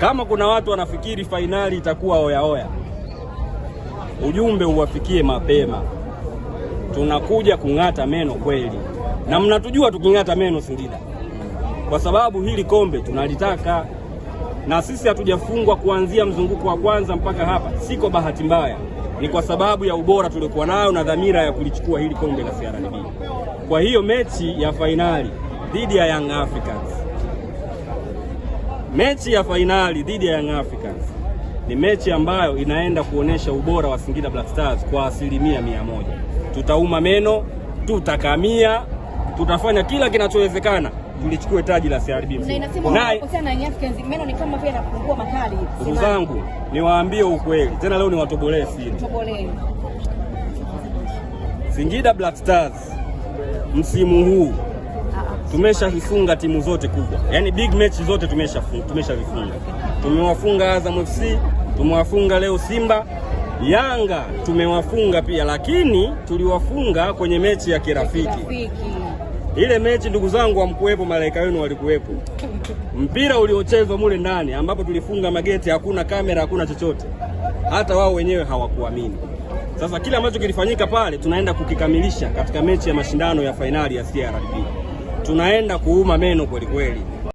Kama kuna watu wanafikiri fainali itakuwa oyaoya, ujumbe uwafikie mapema. Tunakuja kung'ata meno kweli, na mnatujua tuking'ata meno Singida, kwa sababu hili kombe tunalitaka, na sisi hatujafungwa kuanzia mzunguko wa kwanza mpaka hapa. Siko bahati mbaya, ni kwa sababu ya ubora tuliokuwa nayo na dhamira ya kulichukua hili kombe la CRDB. Kwa hiyo mechi ya fainali dhidi ya Young Africans Mechi ya fainali dhidi ya Young Africans ni mechi ambayo inaenda kuonesha ubora wa Singida Black Stars kwa asilimia mia moja. Tutauma meno, tutakamia, tutafanya kila kinachowezekana tulichukue taji la CRB. Ndugu zangu, niwaambie ukweli tena, leo niwatobolee siri. Singida Black Stars msimu huu tumeshazifunga timu zote kubwa, yani big match zote tumeshazifunga, tumeshazifunga. Tumewafunga Azam FC, tumewafunga leo Simba, Yanga tumewafunga pia, lakini tuliwafunga kwenye mechi ya kirafiki. Ile mechi ndugu zangu, hamkuwepo, malaika wenu walikuwepo. Mpira uliochezwa mule ndani, ambapo tulifunga mageti, hakuna kamera, hakuna chochote, hata wao wenyewe hawakuamini. Sasa kile ambacho kilifanyika pale, tunaenda kukikamilisha katika mechi ya mashindano ya fainali ya CRDB tunaenda kuuma meno kwelikweli.